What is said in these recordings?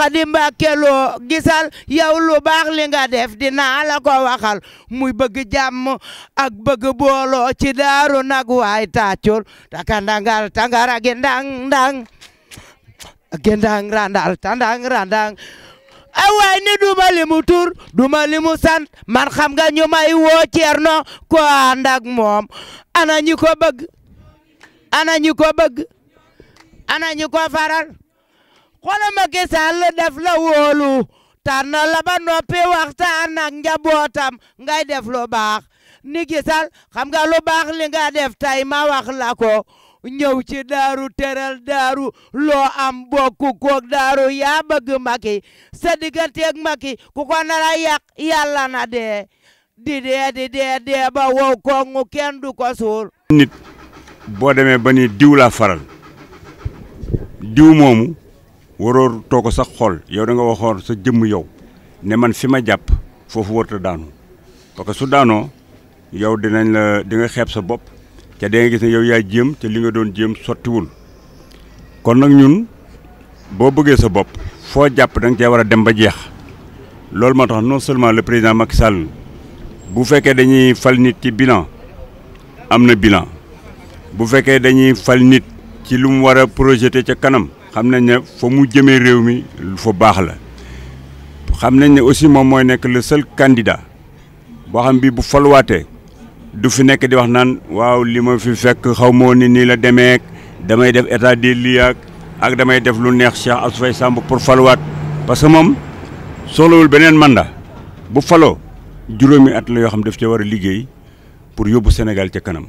xadi kelo lo, gisal yow lu bax li nga def dina la ko waxal muy bëgg jàmm ak bëgg bolo ci daru nag way taacul takandangal tangara gendang ndang gendang randal tandang randang Awai ni duma limu tur duma limu sant man xam nga ñu may wo Cerno ko ànd ak moom ana ñu ko bëgg ana ñu ko bëgg ana ñu ko faral xoolal Macky Sall def la wóolu tànn la ba noppi waxtaan ak njabootam ngay def lu baax ni gisal xam nga lu baax li nga def tey ma wax la ko ñëw ci daaru teral daaru loo am bokku koog daaru yaa bëgg Macky sa digganteeg Macky ku ko nara yàq yàlla na dee di dee di dee ba wow koŋŋu kenn du ko suul nit boo demee ba ni diw laa faral diw moomu waroo toog ko sax xool yow da nga waxoon sa jëmm yow ne man fi ma jàpp foofu warta daanu parce que su daanoo yow dinañ la di nga xeeb sa bopp te da gis ne yow yaay jéem te li nga doon jéem sottiwul kon nag ñun boo bëggee sa bopp foo jàpp da nga cee war a dem ba jeex loolu moo tax non seulement le président Macky Sall bu fekkee dañuy fal nit ci bilan am na bilan bu fekkee dañuy fal nit ci lu mu war a projeté ca kanam xam nañ ne fa mu jëmee réew mi lu fa baax la xam nañ ne aussi moom mooy nekk le seul candidat boo xam bii bu faluwaatee du fi nekk di wax naan waaw li ma fi fekk xaw ma ni nii la demeek damay def état de lieux ak damay def lu neex Cheikh Assou Faye Samb pour faluwaat parce que moom soxlawul beneen mandat bu faloo juróomi at la yoo xam daf ca war a liggéey pour yóbbu Sénégal ca kanam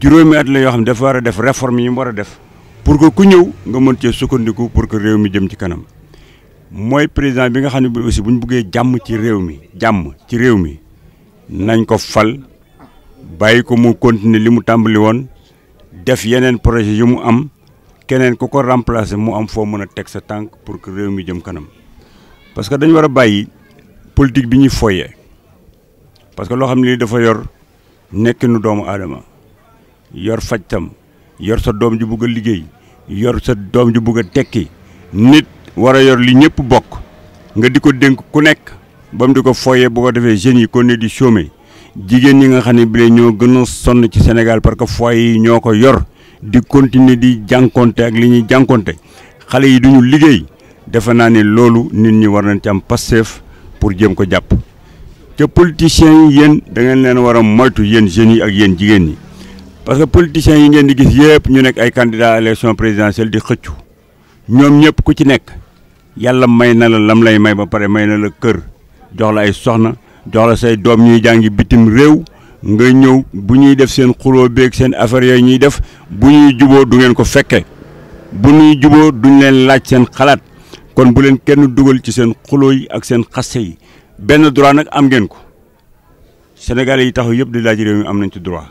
juróomi at la yoo xam dafa war a def réforme yi mu war a def pour que ku ñëw nga mën cee sukkandiku pour que réew mi jëm ci kanam mooy président bi nga xam ne bi aussi bu ñu bëggee jàmm ci réew mi jàmm ci réew mi nañ ko fal bàyyi ko mu continuer li mu tàmbali woon def yeneen projet yi mu am keneen ku ko remplacer mu am foo mën a teg sa tànk pour que réew mi jëm kanam parce que dañu war a bàyyi politique bi ñuy foyee parce que loo xam ni dafa yor nekkinu doomu aadama yor fajtam yor sa doom ju bugg a liggéey yor sa doom ju bugg a tekki nit war a yor li ñëpp bokk nga di ko dénk ku nekk ba mu di ko foyee bu ko defee jeunes yi kon ne di chômer jigéen ñi nga xam ne bile ñoo gën a sonn ci Sénégal parce que foyer yi ñoo ko yor di continuer di jànkonte ak li ñuy jànkonte xale yi duñu liggéey defe naa ne loolu nit ñi war nañ ci am passeef pour jéem ko jàpp te politiciens yi yéen da ngeen leen war a moytu yéen jeunes yi ak yéen jigéen ñi parce que politiciens yi ngeen di gis yëpp ñu nekk ay candidats élection présidentielle di xëccu ñoom ñëpp ku ci nekk yàlla may na la lam lay may ba pare may na la kër jox la ay soxna jox la say doom ñuy jàngi bitim réew nga ñëw bu ñuy def seen xuloo beeg seen affaire yooyu ñuy def bu ñuy juboo du ngeen ko fekke bu ñuy juboo duñ leen laaj seen xalaat kon bu leen kenn dugal ci seen xuloo yi ak seen xaste yi benn droit nag am ngeen ko senegal yi taxaw yëpp di laaj réew mi am nañ ci droit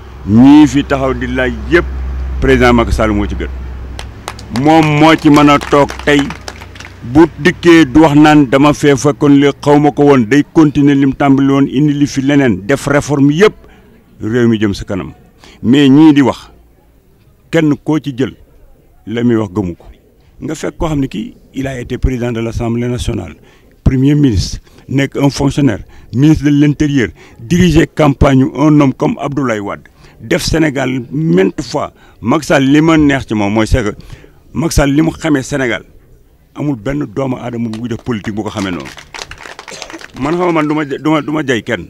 ñii fi taxaw di laaj yëpp président Macky Sall moo ci gën moom moo ci mën a toog tey bu dikkee du wax naan dama fee fekkoon li xaw ma ko woon day continuer lim tàmbali woon indi li fi leneen def réforme yëpp réew mi jëm sa kanam mais ñii di wax kenn koo ci jël la muy wax gëmu ko nga fekk koo xam ne kii il a été président de l'Assemblée nationale premier ministre nekk un fonctionnaire ministre de l'intérieur diriger campagne un homme comme Abdoulaye Wade def Senegal, maintes fois Macky Sall lima neex ci mom moy c'est que Macky Sall limu mu senegal amul benn doomu aadama bu def politique bu ko xamé non man xam man duma ma duma jay kenn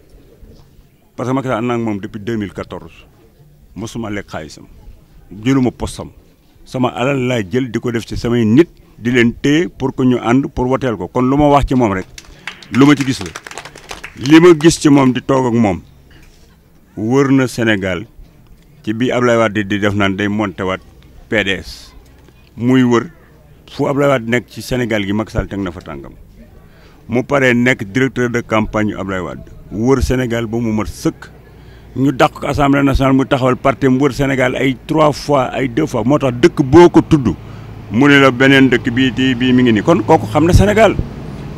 parce que Macky Sall nak mom depuis 2014 musuma lek jëluma postam sama alal la jël diko def ci samay nit di len té pour que ñu and pour wotel ko kon luma wax ci mom rek luma ci gis la lima gis ci mom di ak mom wërna ci bi ablay di di def nan day monté wat PDS muy wër fu ablay Wade nek ci Sénégal gi Macky tek na fa tangam mu paré nek directeur de campagne ablay Wade wër Sénégal bu mu mat seuk ñu dakk ko assemblée nationale mu taxawal parti mu wër Sénégal ay 3 fois ay 2 fois motax tax dëkk boo ko mu ne la benen dëkk bi di bi mi ngi ni kon koku xamna Sénégal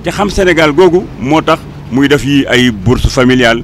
ci xam Sénégal gogu motax muy def yi ay bourse familiale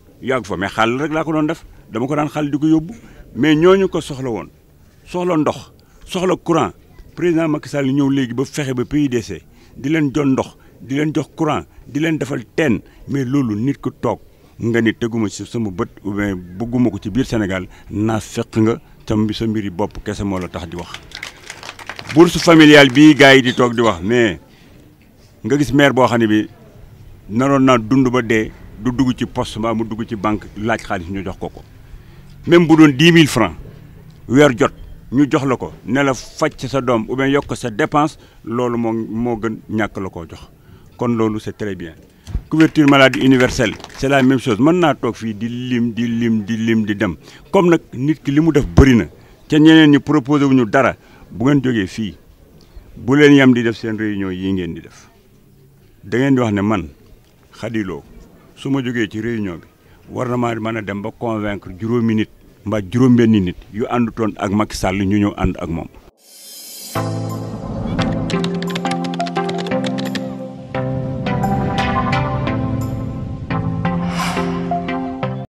yàgg fa mais xàll rek laa ko doon def dama ko daan xàll di ko yóbbu mais ñu ko soxla woon soxla ndox soxla courant président Macky Sall ñëw léegi ba fexe ba PUDC di leen jox ndox di leen jox courant di leen defal teen mais loolu nit ku toog nga ni teguma si sama bët ou bëgguma ko ci biir Sénégal naa fekk nga tam sa mbiri bopp kese moo la tax di wax. bourse familiale bii gars yi di toog di wax mais nga gis maire boo xam ne bi naroon naa dund ba dee. du dugg ci poste ma mu dugg ci banque laaj xaalis ñu jox ko ko même bu doon 10 000 francs weer jot ñu jox la ko ne la facc sa doom ou bien yokk sa dépense loolu moo moo gën ñàkk la koo jox kon loolu c'est très bien couverture maladie universelle c'est la même chose mën naa toog fii di lim di lim di lim di dem comme nag nit ki li mu def bëri na ca ñeneen ñi proposé wuñu dara bu ngeen jógee fii bu leen yam di def seen réunion yi ngeen di def da ngeen di wax ne man Khady su ma jógee ci réunion bi war na ma mën a dem ba convaincre juróomi nit mba juróom-benni nit yu àndutoon ak Macky Sall ñu ñëw ànd ak moom